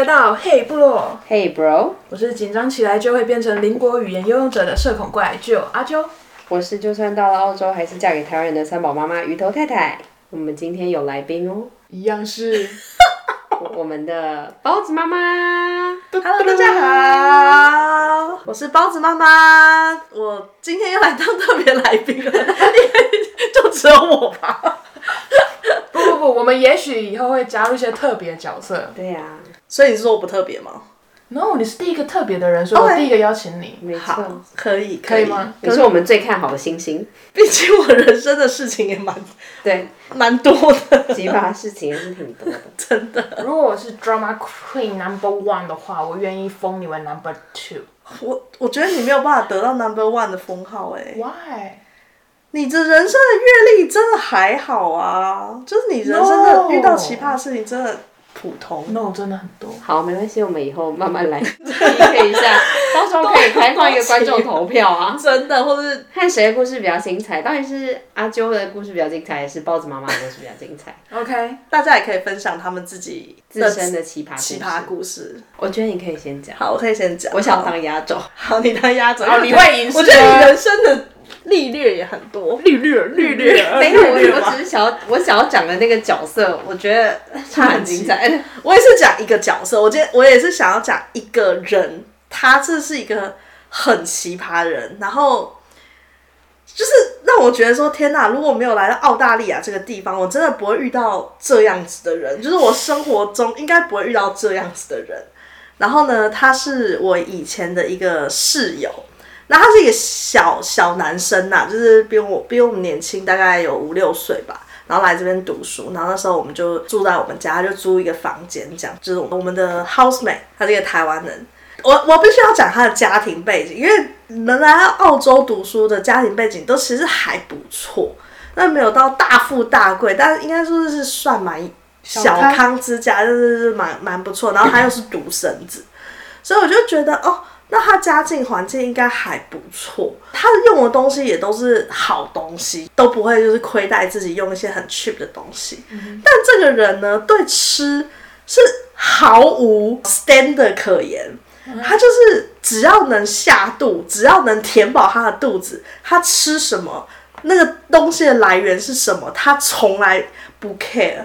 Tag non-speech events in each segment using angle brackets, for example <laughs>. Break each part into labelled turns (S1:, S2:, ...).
S1: 來到嘿部落，嘿 Hey bro，我是緊張起來就會變成
S2: 鄰國語言使用者的社恐怪，就阿啾。我是就算到了澳洲還是嫁給台灣人的三寶媽媽魚頭太太。我們今天有來賓哦，一樣是 <laughs> 我，我們的包子媽媽。
S3: <laughs> Hello，大家
S2: 好， <laughs>
S3: 我
S1: 是包子媽媽，我今天又來當特別來賓了， <laughs> <laughs> 就只有我吧。 <laughs> 不不不，我們也許以後會加入一些特別的角色。對呀、啊，所以你是說我不特別嗎？No，你是第一個特別的人，所以我第一個邀請
S2: 你。Okay. 沒錯，可以，可以嗎？可以你是我們最看好的星星。
S3: 畢竟我人生的
S1: 事情也蠻對，蠻
S2: 多的奇葩事情也是很
S1: 多的，真的。如果我是 drama queen number one 的話，我願意封你為 number two。我我覺得你沒有辦法得到 number one 的封號欸，哎，Why？你這人生的
S3: 閱歷真的還好啊，No! 就是你人生的遇到奇葩事情真的普
S2: 通，那種、no, 真的很多。好，沒關係，我們以後慢慢來 PK <laughs> 一下，到時候可以開放一個觀眾投票啊，真的，或者是看誰的故事比較精彩，到底是阿啾的故事比較精彩，還是包子媽媽的故事比較精彩 <laughs> ？OK，大家也可以分享他們自己自身的奇葩奇葩故事。我覺得你可以先講，好，我可以先講，我想當壓軸。好，好你當壓軸，然後裡外我覺得你人
S3: 生的。利略也很多，利略、
S2: 利略有。等一下，我我只是想要，我想要講的那個角色，我覺得他很精彩。
S3: 我也是講一個角色，我今天我也是想要講一個人，他這是一個很奇葩的人，然後就是讓我覺得說，天哪！如果沒有來到澳大利亞這個地方，我真的不會遇到這樣子的人，就是我生活中應該不會遇到這樣子的人。然後呢，他是我以前的一個室友。那他是一個小小男生吶、啊，就是比我比我們年輕，大概有五六歲吧。然後來這邊讀書，然後那時候我們就住在我們家，就租一個房間這樣，就是我們的 housemate。他是一個台灣人，我我必須要講他的家庭背景，因為能來澳洲讀書的家庭背景都其實還不錯。那沒有到大富大貴，但應該說是算蠻小康之家，就是是蠻蠻不錯。然後他又是獨生子，所以我就覺得哦。那他家境環境應該還不錯，他用的東西也都是好東西，都不會就是虧待自己，用一些很 cheap 的東西。但這個人呢，對吃是毫無 standard 可言，他就是只要能下肚，只要能填飽他的肚子，他吃什麼那個東西的來源是什麼，他從來不 care。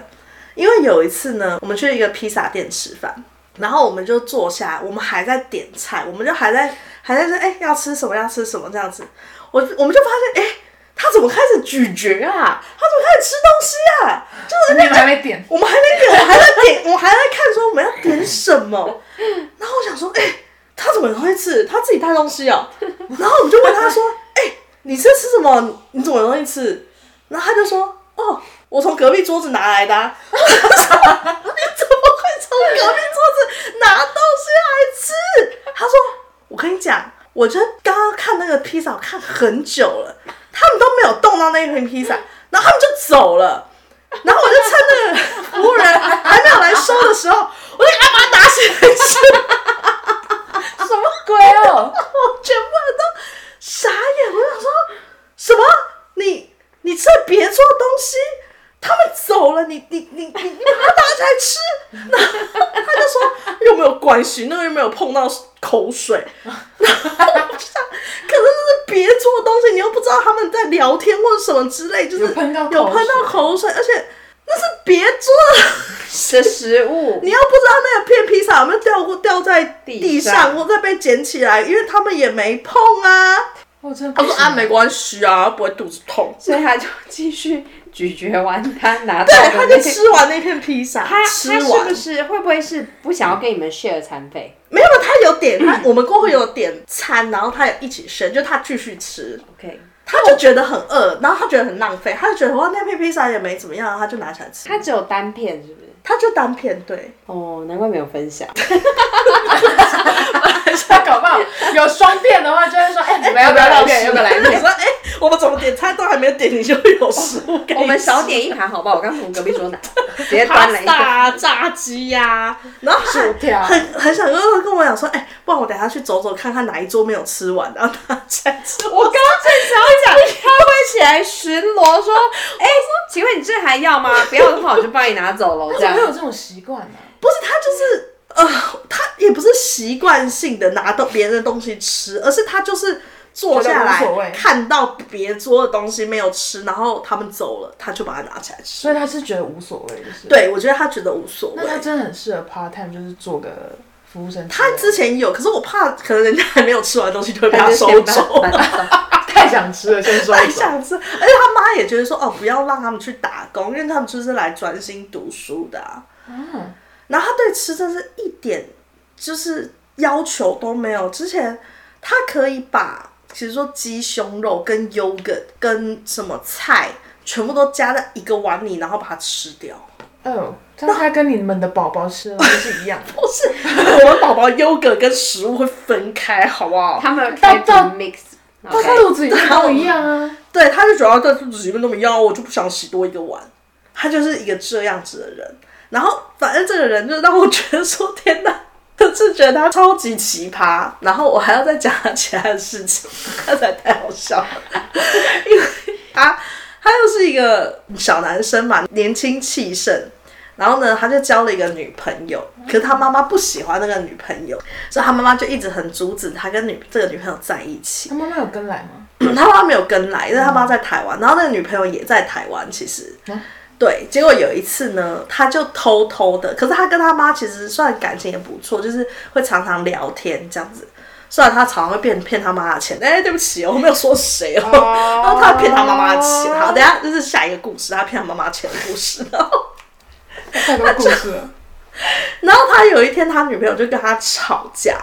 S3: 因為有一次呢，我們去一個披薩店吃飯。然後我們就坐下來，我們還在點菜，我們就還在還在說，哎、欸，要吃什麼，要吃什麼這樣子。我我們就發現，哎、欸，他怎麼開始咀嚼啊？他怎麼開始吃東西啊？就是那個還沒點，我們還沒點，我還在點，我還在，點 <laughs> 我還在看說我們要點什麼。然後我想說，哎、欸，他怎麼容易吃？他自己帶東西啊、哦？然後我們就問他說，哎、 <laughs> 欸，你這吃，吃什麼？你，你怎麼容易吃？然後他就說，哦，我從隔壁桌子拿來的、啊。 <laughs> 隔壁桌子拿東西來吃，他說：“我跟你講，我就剛剛看那個披薩看很久了，他們都沒有動到那一瓶披薩，然後他們就走了，然後我就趁那個服務員還, <laughs> 還沒有來收的時候，我就幹嘛 <laughs> 拿起來吃， <laughs> 什麼鬼？”關係，那個又沒有碰到口水， <laughs> <laughs> 可是這是別桌的東西，你又不知道他們在聊天或什麼之類，就是有噴到口水，口水。而且那是別桌的是食物，你又不知道那個片披薩有沒有掉過、掉在地上、地上或者被撿起來，因為他們也沒碰啊。我真的不，他說啊沒關係啊，不會肚子痛，所以他就繼
S2: 續。咀嚼完，他拿到對，他就吃
S3: 完那片披薩。他吃完是不
S2: 是會不會是不想要給你們 share 餐費？沒有，他有點，我們過後有點餐，
S3: 然後他也一起吃，就他繼續吃。OK，他就覺得很餓，然後他覺得很浪費，他就覺得哇，那片披薩也沒怎麼樣，他就拿起來吃。他只有單片是不是？他就單片對。
S2: 哦，難怪沒有分享。
S3: 他搞不好有雙片的話，就會說，哎，你們要不要讓片？人不個來？片？說，哎。我們怎麼點菜都還沒有點，你就會有食物給我們？我
S2: 們少點一盤好不好？我剛從隔壁
S3: 桌拿，的別端來一盤。
S2: 大炸、啊、炸雞呀、啊，然後 <laughs> 很
S3: 很想就是跟我講說，哎、欸，不然我等下去走走，看看哪一桌沒有吃完，然後他再吃。
S2: 我剛剛正想要講 <laughs> 他會起來巡邏，說，哎、欸，說請問你這還要嗎？不要的話，我就幫你拿走了。怎麼他有這種
S1: 習慣
S3: 呢、啊、不是，他就是呃，他也不是習慣性的拿到別人的東西吃，而是他就是。坐下來做看到別桌的東西沒有吃，然後他們走了，他就把它拿起來吃。所以他是覺得無所謂，對，我覺得他覺得無所謂。那他真的很適合 part time，就是做個服務生。他之前有，可是我怕，可能人家還沒有吃完東西就會被他收走。走 <laughs> 太想吃了，先說。太想吃，而且他媽也覺得說哦，不要讓他們去打工，因為他們就是來專心讀書的啊。嗯，然後他對吃真是一點就是要求都沒有。之前他可以把。其實說雞胸肉跟 yogurt 跟什麼菜，全部都加在一個碗裡，然後把它吃掉。嗯，
S1: 那它跟你們的寶寶
S3: 吃
S2: 了是一樣 <laughs> 不
S3: 是， <laughs> 我們寶寶 yogurt 跟食物會分開，好不好？他們到到
S2: mix，到肚子裡都一樣
S3: 啊。對，他就主要在肚子裡面那麼一樣。我就不想洗多一個碗。他就是一個這樣子的人。然後反正這個人就讓我覺得說，天哪！是 <laughs> 覺得他超級奇葩，然後我還要再講他其他的事情，剛 <laughs> 才太好笑了， <laughs> 因為他他又是一個小男生嘛，年輕氣盛，然後呢，他就交了一個女朋友，可是他媽媽不喜歡那個女朋友，所以他媽媽就一直很阻止他跟女這個女朋友在一起。
S1: 他媽媽有跟來
S3: 嗎？ <laughs> 他媽媽沒有跟來，因為、嗯、他媽媽在台灣，然後那個女朋友也在台灣，其實。嗯對，結果有一次呢，他就偷偷的，可是他跟他媽其實算感情也不錯，就是會常常聊天這樣子。雖然他常常會騙騙他媽的錢，哎，對不起哦，我沒有說誰哦。啊，然後他騙他媽媽的錢，好，等下就是下一個故事，他騙他媽媽的錢的故事。太多故事了。然後他有一天，他女朋友就跟他吵架，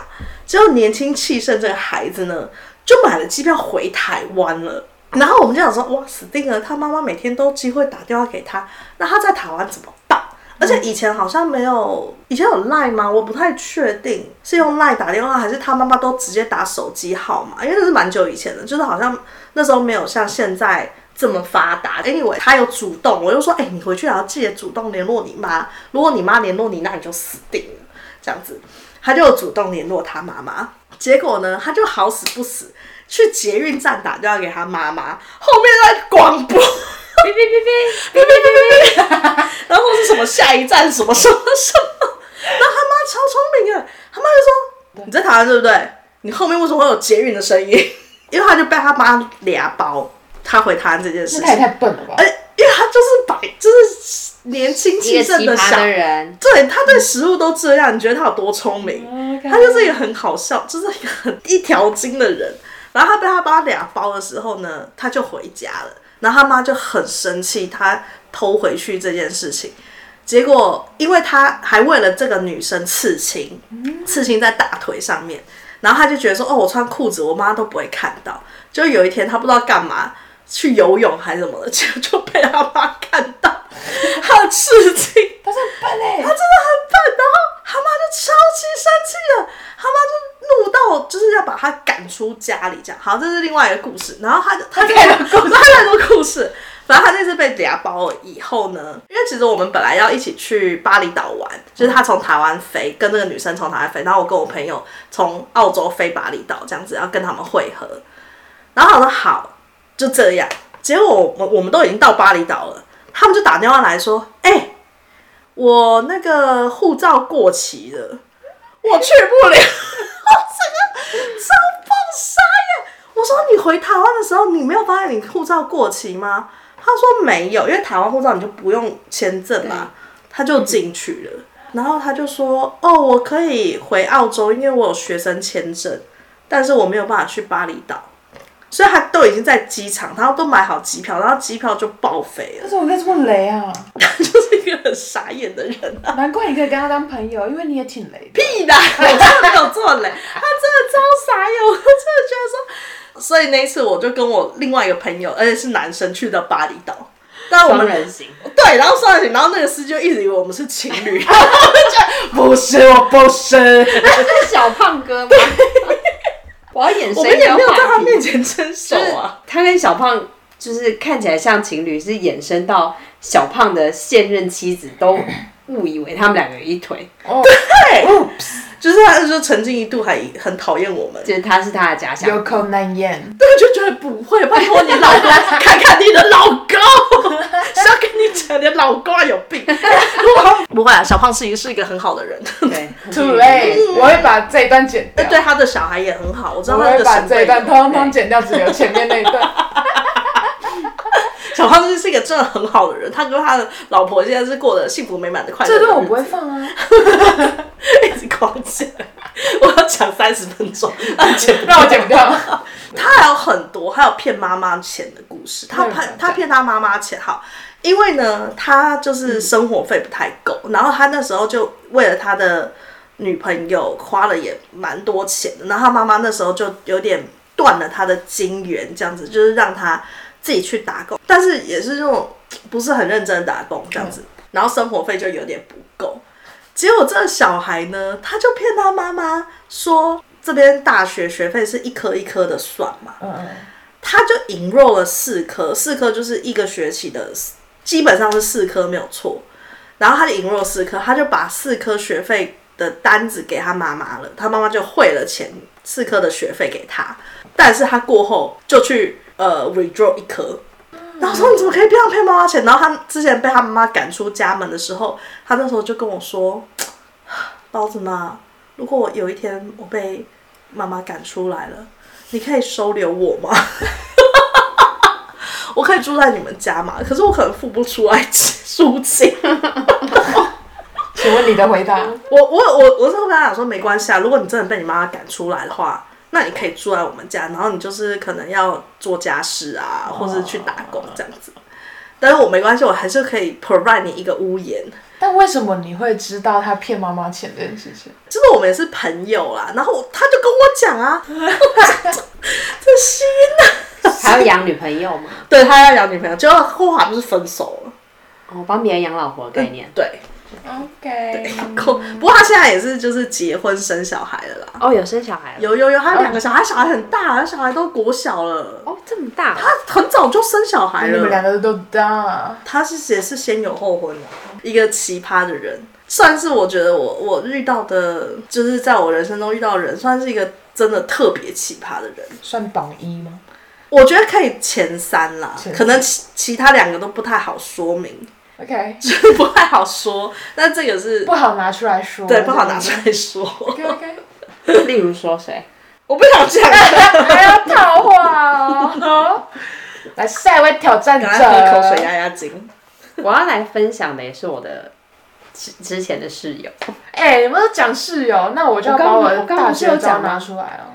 S3: 結果年輕氣盛這個孩子呢，就買了機票回台灣了。然後我們就想說，哇，死定了！他媽媽每天都機會打電話給他，那他在台灣怎麼辦？而且以前好像沒有，以前有 line 嗎？我不太確定是用 line 打電話，還是他媽媽都直接打手機號碼？因為那是蠻久以前的，就是好像那時候沒有像現在這麼發達。Anyway，他有主動，我就說，哎、欸，你回去也要記得主動聯絡你媽，如果你媽聯絡你，那你就死定了。這樣子，他就有主動聯絡他媽媽，結果呢，他就好死不死。去捷運站打電話給他媽媽，後面在廣播，嗶嗶嗶嗶嗶嗶嗶嗶然後是什麼下一站什麼什麼什麼，什麼，然後他媽超聰明啊！他媽就說對你在台灣對不對？你後面為什麼會有捷運的聲音？因為他就被他媽倆包，他回台灣這件事情。太太笨了吧？哎，因為他就是白就是年輕氣盛的小的人，對，他對食物都這樣，嗯、你覺得他有多聰明？Okay. 他就是一個很好笑，就是一個很一條筋的人。然後他被他爸倆包的時候呢，他就回家了。然後他媽就很生氣他偷回去這件事情。結果因為他還為了這個女生刺青，刺青在大腿上面。然後他就覺得說：“哦，我穿褲子，我媽都不會看到。”就有一天他不知道幹嘛去游泳還是什麼的，就就被他媽看到他的刺青。他很笨欸，他真的很笨。然後他媽就超級生氣了，他媽就。怒到就是要把他趕出家裡，這樣好，這是另外一個故事。然後他他太多他太多故、故事。反正他這次被抓包了以後呢，因為其實我們本來要一起去巴厘島玩，就是他從台灣飛，跟那個女生從台灣飛，然後我跟我朋友從澳洲飛巴厘島，這樣子要跟他們會合。然後我說好，就這樣。結果我我們都已經到巴厘島了，他們就打電話來說：“哎，我那個護照過期了，我去不了。” <laughs> 我這個，我說，你回台灣的時候，你沒有發現你護照過期嗎？他說沒有，因為台灣護照你就不用簽證嘛，對他就進去了。然後他就說，哦，我可以回澳洲，因為我有學生簽證，但是我沒有辦法去巴厘島。所以他都已經在機場，然後都買好機票，然後機票就報廢了。
S1: 但是怎麼這麼雷啊？
S3: <laughs> 就是一個很傻眼的人
S1: 啊。難怪你可以跟他當朋友，因為你也挺雷的。屁
S3: 的啦， <laughs> 我真的沒有這麼雷，他真的超傻眼，我真的覺得說，所以那一次我就跟我另外一個朋友，而且是男生去到巴厘島，但我們人行對，然後雙人行，然後那個司機就一直以為我們是情侶，
S2: 不是，我不是，他是小胖哥嗎？ <laughs> 我、啊、眼神也沒有在他面前伸手啊！他跟小胖就是看起來像情侶，是衍生到小胖的現任妻子都。 <laughs> 誤以為他們兩個一腿，哦對，就是他是說曾經一度還很討厭我們，就是他是他的假
S3: 象，
S1: 有口難言，對，我就覺得不會，拜託你老公，看看你的老公，是要
S3: 跟你講你老公有病，不會，小胖是一個是一個很好的人，對，我會把這一段剪，對他的小孩也很好，我知道他的。我會把這一段通通剪掉，只留前面那一段。他就是一個真的很好的人，他跟他的老婆現在是過得幸福美滿的快樂。這段我
S1: 不會放
S3: 啊， <laughs> 一直狂起來我要講三十分鐘，讓、啊、講，讓我剪掉。嗯、不掉他還有很多，還有騙媽媽錢的故事。他騙對他騙他媽媽錢，好，因為呢，他就是生活費不太夠，嗯、然後他那時候就為了他的女朋友花了也蠻多錢的，然後他媽媽那時候就有點斷了他的金源這樣子，就是讓他自己去打工，但是也是這種不是很認真的打工這樣子，嗯、然後生活費就有點不夠。結果這個小孩呢，他就騙他媽媽說，這邊大學學費是一科一科的算嘛，嗯、他就引入了四科，四科就是一個學期的，基本上是四科沒有錯。然後他就引入四科，他就把四科學費的單子給他媽媽了，他媽媽就匯了錢四科的學費給他，但是他過後就去。呃，withdraw、uh, 一顆，mm hmm. 然後說你怎麼可以這樣騙媽媽錢？然後他之前被他媽媽趕出家門的時候，他那時候就跟我說：“包子媽，如果我有一天我被媽媽趕出來了，你可以收留我嗎？ <laughs> 我可以住在你們家嗎？」可是我可能付不出來租金。 <laughs> ”請問你的回答？我我我我是會跟他說沒關係啊，如果你真的被你媽媽趕出來的話。那你可以住在我們家，然後你就是可能要做家事啊，或是去打工這樣子。Oh. 但是我沒關係，我還是可以 provide 你一個屋檐。
S1: 但為什麼你會知道他騙媽媽錢這件
S3: 事情？就是我們也是朋友啦，然後他就跟我講啊，這心吶，還要養女
S2: 朋友嗎？ <laughs> 對，他要養女朋友，最後還不是分手了。哦，幫別人養老婆的概念，嗯、對。OK，
S3: 不過他現在也是就是結婚生小孩了啦。
S2: 哦，oh, 有生小
S3: 孩了，有有有，他有兩個小孩，oh. 小孩很大，他小孩都國小了。哦，oh, 這麼大，他很早就生小孩了。你們兩個都,都大，他是也是先有後婚啊，一個奇葩的人，算是我覺得我我遇到的，就是在我人生中遇到的人，算是一個真的特別奇葩的人。算榜一嗎？我覺得可以前三啦，是的 可能其的其他兩個都不太好說明。OK，這不太好說，但這個是不好拿出來說，對，這個、不好拿出來
S2: 說。OK，OK。 <laughs> 例如說誰？我不想講，還要套話哦。 <laughs> 來，下一位挑戰者，喝一口水壓壓驚。咬咬 <laughs> 我要來分享的也是我的之之前的室友。
S1: 哎、欸，你們都講室友，那我就剛好我剛好室友講拿出來哦。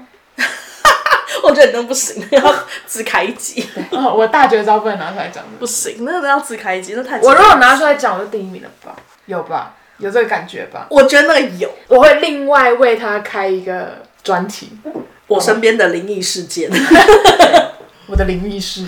S3: <laughs> 我覺得你那不行，要只開一集。哦，我大絕招不能拿出來講。 <laughs> 不行，那那
S1: 要只開一集，那太……我如果拿出來講，我就第一名了吧？有吧？有這個感覺吧？我覺得那個有，我會另外為他開一個專題，嗯、我身邊的靈異
S2: 事件，我的靈異事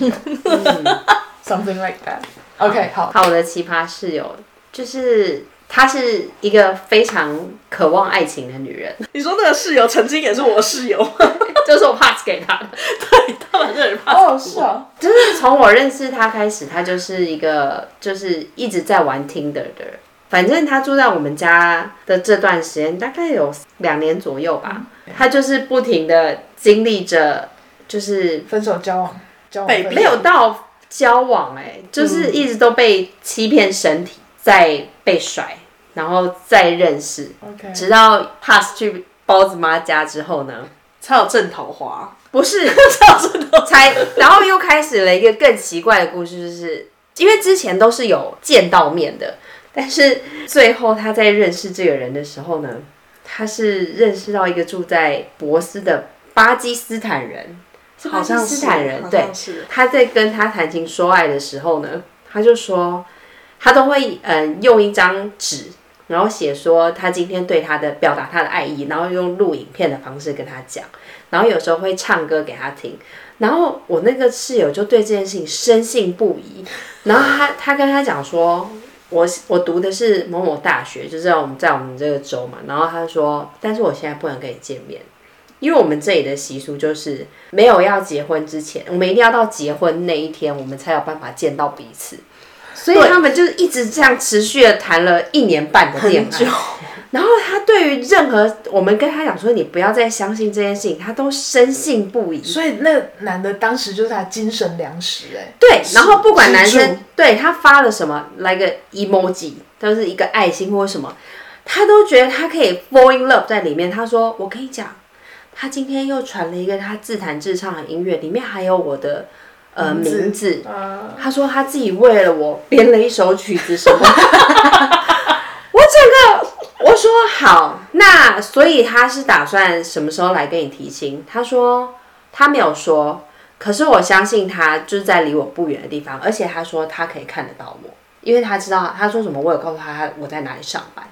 S2: ，something like that okay, 好。OK，好好，好的奇葩室友就是。她是一個非常渴望愛情的女人。
S3: 你說那個室友曾經也是我室友， <laughs> 就是我 pass 給他的。對，他們就是 pass 我。哦，是啊，
S2: 就是從我認識他開始，他就是一個就是一直在玩 Tinder 的人。反正他住在我們家的這段時間，大概有兩年左右吧。他就是不停地經歷着，就是分手、交往、交往，沒有到交往哎、欸，就是一直都被欺騙身體，在被甩。然後再認識
S1: ，Okay. 直到
S2: pass 去包子媽家之後呢，才有正桃花，不是， <laughs> 才有正桃花。才，然後又開始了一個更奇怪的故事，就是因為之前都是有見到面的，但是最後他在認識這個人的時候呢，他是認識到一個住在博斯的巴基斯坦人，好像斯坦人，是對，是他在跟他談情說愛的時候呢，他就說他都會嗯用一張紙。然後寫說他今天對他的表達他的愛意，然後用錄影片的方式跟他講，然後有時候會唱歌給他聽。然後我那個室友就對這件事情深信不疑。然後他他跟他講說，我我讀的是某某大學，就是在我們在我們這個州嘛。然後他說，但是我現在不能跟你見面，因為我們這裡的習俗就是沒有要結婚之前，我們一定要到結婚那一天，我們才有辦法見到彼此。所以他們就是一直這樣持續的談了一年半的戀愛，然後他對於任何我們跟他講說你不要再相信這件事情，他都深信不疑。所以那男的當時就是他精神糧食哎，對。然後不管男生對他發了什麼，來個 emoji，就是一個愛心或者什麼，他都覺得他可以 fall in love 在裡面。他說：“我跟你講，他今天又傳了一個他自彈自唱的音樂，裡面還有我的。”
S1: 呃，名字，
S2: 嗯、他說他自己為了我編了一首曲子什麼， <laughs> <laughs> 我整個我說好，那所以他是打算什麼時候來跟你提親？他說他沒有說，可是我相信他就是在離我不遠的地方，而且他說他可以看得到我，因為他知道他說什麼，我有告訴他他我在哪裡上班。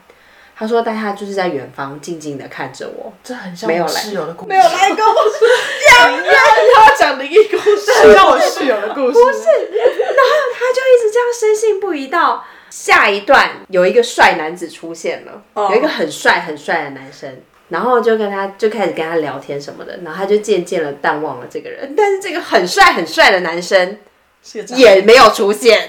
S2: 他說：“但他就是在遠方靜靜的看着我，這很像室友的故事，沒有
S3: 室友的故事。沒有來跟我說講講講靈
S2: 異故事，像我室友的故事不是。然後他就一直這樣深信不疑，到下一段有一個帥男子出現了，有一個很帥很帥的男生，然後就跟他就開始跟他聊天什麼的，然後他就漸漸的淡忘了這個人。但是這個很帥很帥的男生也沒有出現，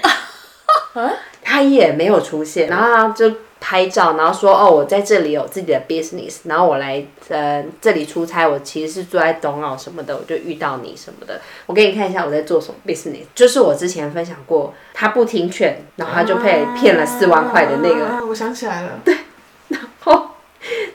S2: 張 <laughs> 他也沒有出現，然後就。”拍照，然後說哦，我在這裡有自己的 business，然後我來呃這裡出差，我其實是住在東澳什麼的，我就遇到你什麼的。我給你看一下我在做什麼 business，就是我之前分享過，他不聽勸，然後他就被、啊、騙了四萬塊的那個。我想起來了，對，然後。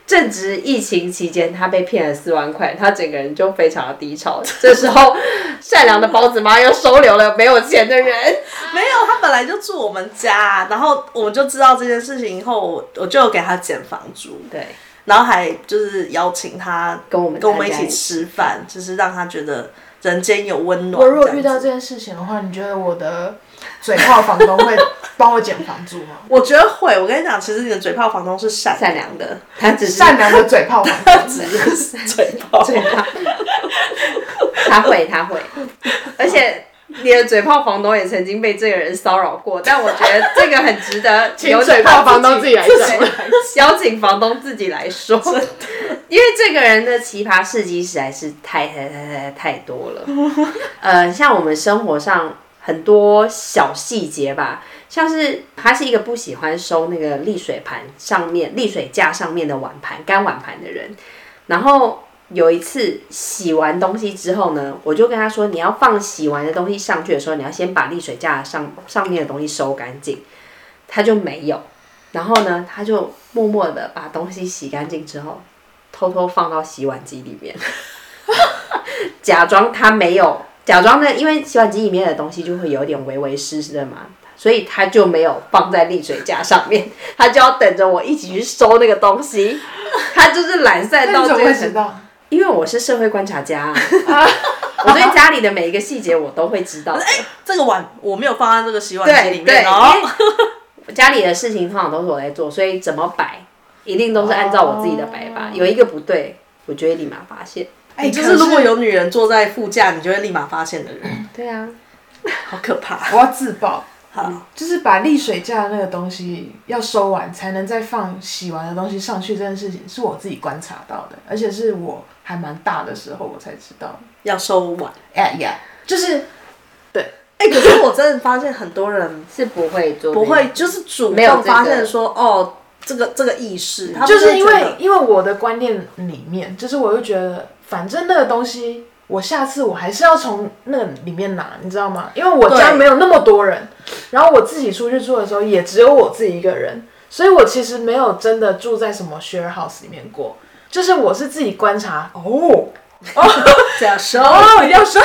S2: 正值疫情期間，他被騙了四萬塊，他整個人就非常的低潮。 <laughs> 這時候，善良的包子媽又收留了沒有錢的人。 <laughs> 沒有，他本來
S3: 就住我們家，然後我就知道這件事情以後，我我就給他減房租，對，然後還就是邀請他跟我們跟我們一起吃飯，就是讓他覺得。人間有溫暖。我如果
S1: 遇到這件事情的話，你覺得我的嘴炮房
S3: 東會幫我減房租嗎？ <laughs> 我覺得會。我跟你講，其實你的嘴炮房東是善良善良的，
S2: 他只是善良的嘴炮房東，只是嘴炮。他會，他會， <laughs> 而且。你的嘴炮房東也曾經被這個人騷擾過， <laughs> 但我覺得這個很值得有嘴,嘴炮房東自己來說，邀請房東自己來說， <laughs> 的因為這個人的奇葩事蹟實在是太太太太,太多了、 <laughs> 呃。像我們生活上很多小細節吧，像是他是一個不喜歡收那個瀝水盤上面瀝水架上面的碗盤乾碗盤的人，然後。有一次洗完東西之後呢，我就跟他說，你要放洗完的東西上去的時候，你要先把瀝水架上上面的東西收乾淨。他就沒有，然後呢，他就默默的把東西洗乾淨之後，偷偷放到洗碗機裡面， <laughs> 假裝他沒有，假裝呢，因為洗碗機裡面的東西就會有點微微濕濕的嘛，所以他就沒有放在瀝水架上面， <laughs> 他就要等着我一起去收那個東西，他就是懶散到這個 <laughs> 因為我是社會觀察家、啊， <laughs> 我對家裡的每一個細節我都會知道。哎、欸，這個碗我
S3: 沒有放在這個洗碗機裡面。對，對、哦欸、
S2: 我家裡的事情通常都是我在做，所以怎麼擺一定都是按照我自己的擺法。哦、有一個不對，我就會立馬發現。哎、欸，就是,是如果有女人坐在
S1: 副駕，你就會立馬發現的人。嗯、對啊，好可怕！我要自爆。好，就是把瀝水架的那個東西要收完，才能再放洗完的東西上去。這件事情是我自己觀察到的，而且是我還蠻大的時候我才知道要收完。哎呀，就是對，哎、欸，可是我真的發現很多人是不會做，不會就是主動沒有、這個、發現
S3: 說哦，這個這個意識，就是因為
S1: 因為我的觀念裡面，就是我又覺得反正那個東西。我下次我還是要從那裡面拿，你知道嗎？因為我家沒有那麼多人，對然後我自己出去住的時候也只有我自己一個人，所以我其實沒有真的住在什麼 share house 裡面過，就是我是自己觀察哦。哦，要收，要
S2: 收，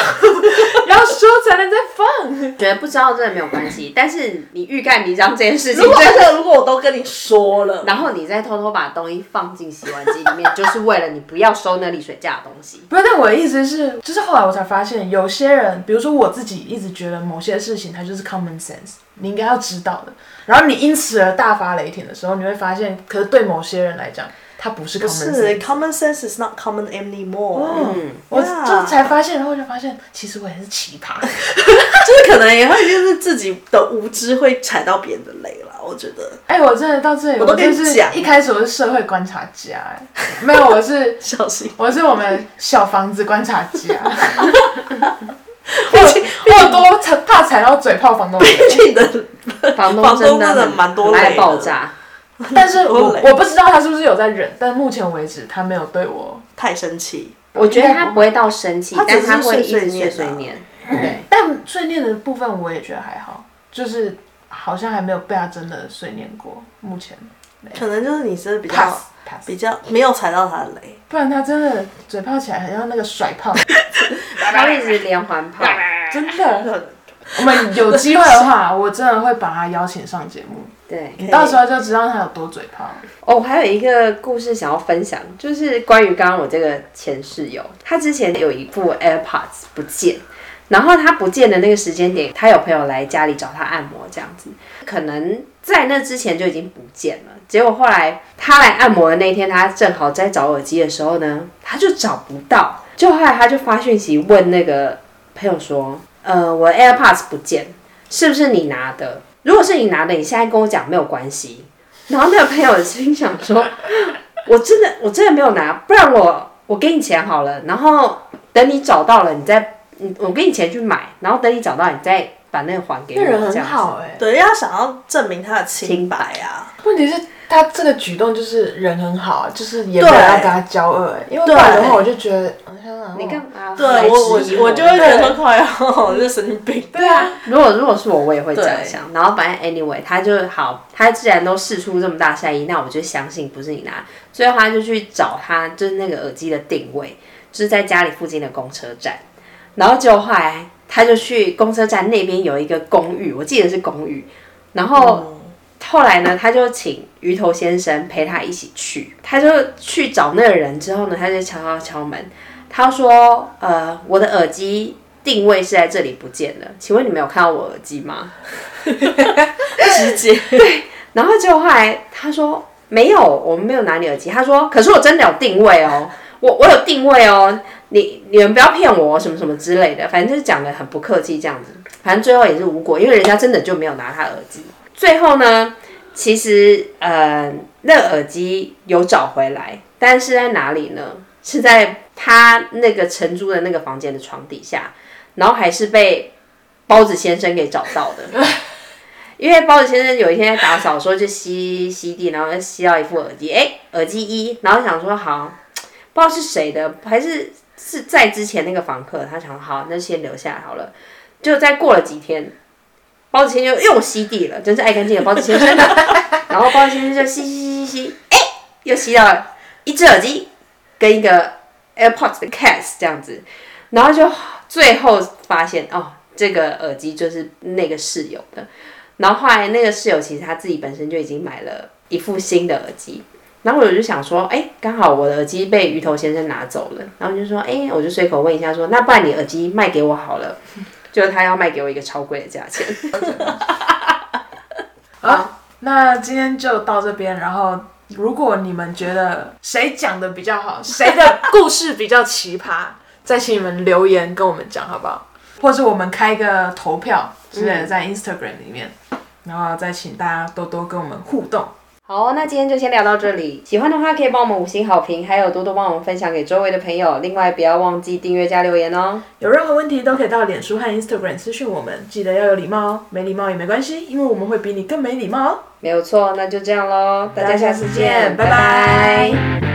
S2: 要收才能再放。覺得不知道真的沒有關係，但是你欲蓋彌彰這件事情，如果，真的，如果我都跟你說了，然後你再偷偷把東西放進洗碗機裡面， <laughs> 就是為了你不要收那瀝水架的東西。
S1: 不是，那我的意思是，就是後來我才發現，有些人，比如說我自己，一直覺得某些事情它就是 common sense，你應該要知道的。然後你因此而大發雷霆的時候，你會發現，可是對某些人來講。他不是個是 common sense is not common anymore。嗯，我就才發現，然後就發現，
S3: 其實我也是奇葩，就是可能也會就是自己的無知
S1: 會踩到別人的雷了，我覺得。哎，我真的到這裡，我都跟你講，一開始我是社會觀察家，哎，沒有，我是小心，我是我們小房子觀察家。
S2: 我我有多怕踩到嘴炮房東？最近的房東真的蠻多的。
S1: 但是我我不
S2: 知道他是不是有在
S1: 忍，但目前為止他沒有對我太生氣，我覺得他不會到生氣，但他會一直碎念碎念。對，但碎念的部分我也覺得還好，就是好像還沒有被他真的碎念過。目前可能就是你真的比較
S3: 比較沒有踩到他的雷，
S1: 不然他真的嘴炮起來，很像那個甩炮，他會一直連環炮，
S2: 真的。
S1: 我們有機會的話，我真的會把他邀請上節目。
S2: 對，你到時
S1: 候就知道他有多嘴炮了。
S2: 哦，oh, 還有一個故事想要分享，就是關於剛剛我這個前室友，他之前有一副 AirPods 不見，然後他不見的那個時間點，他有朋友來家裡找他按摩，這樣子，可能在那之前就已經不見了。結果後來他來按摩的那天，他正好在找耳機的時候呢，他就找不到，就後來他就發訊息問那個朋友說：“呃，我 AirPods 不見，是不是你拿的？”如果是你拿的，你現在跟我講沒有關係。然後那個朋友心想說：“ <laughs> 我真的，我真的沒有拿，不然我我給你錢好了。然後等你找到了，你再你，我給你錢去買。然後等你找到，你再把那個還給我。”人很好哎、欸，對，
S3: 要想要證明他的清白
S2: 啊。白。問
S1: 題是，他這個舉動就是人很好，就是也不要跟他
S2: 交惡，欸，對因為不然的話我
S1: 就覺得，你幹嘛？對，剛剛我我我就會覺得
S2: 說他好對我就是神經病。對，對啊，如果如果是我，我也會這樣想。對然後反正 anyway，他就好，他既然都釋出這麼大善意，那我就相信不是你拿。所以他就去找他，就是那個耳機的定位，就是在家裡附近的公車站。然後結果後來他就去公車站那邊有一個公寓，我記得是公寓，然後、嗯。後來呢，他就請魚頭先生陪他一起去。他就去找那個人之後呢，他就敲敲敲門，他說：“呃，我的耳機定位是在這裡不見了，請問你們有看到我耳機嗎？”直接 <laughs> 時間對。然後就後，後來他說沒有，我們沒有拿你耳機。他說：“可是我真的有定位哦，我我有定位哦，你你們不要騙我什麼什麼之類的，反正就是講得很不客氣這樣子。反正最後也是無果，因為人家真的就沒有拿他耳機。”最後呢，其實呃，那耳機有找回來，但是在哪裡呢？是在他那個承租的那個房間的床底下，然後還是被包子先生給找到的。 <laughs> 因為包子先生有一天在打掃，說就吸吸地，然後吸到一副耳機，哎、欸，耳機一，然後想說好，不知道是誰的，還是是在之前那個房客，他想好那先留下好了，就再過了幾天。包子先生又、欸、吸地了，真是愛乾淨的包子先生了。 <laughs> 然後包子先生就吸吸吸吸吸，哎，又吸到了一隻耳機跟一個 AirPods 的 case 這樣子，然後就最後發現哦，這個耳機就是那個室友的。然後後來那個室友其實他自己本身就已經買了一副新的耳機，然後我就想說，哎，剛好我的耳機被魚頭先生拿走了，然後就說，哎，我就隨口問一下說，那不然你耳機賣給我好了。就是他要賣給我一個超貴的價錢。
S1: <laughs> 好，好，那今天就到這邊。然後，如果你們覺得誰講的比較好，誰的故事比較奇葩？ <laughs> 再請你們留言跟我們講好不好？或者是我們開一個投票，直接在 Instagram 裡面。嗯、然後再請大家多多跟我們互動。
S2: 好，那今天就先聊到這裡。喜歡的話可以幫我們五星好評，還有多多幫我們分享給周圍的朋友。另外，不要忘記訂閱加留言哦。
S1: 有任何問題都可以到臉書和 Instagram 私訊我們，記得要有禮貌哦。沒禮貌也沒關係，因為我
S2: 們會比你更沒禮貌。沒有錯，那就這樣嘍。大家下次見，拜拜。拜拜。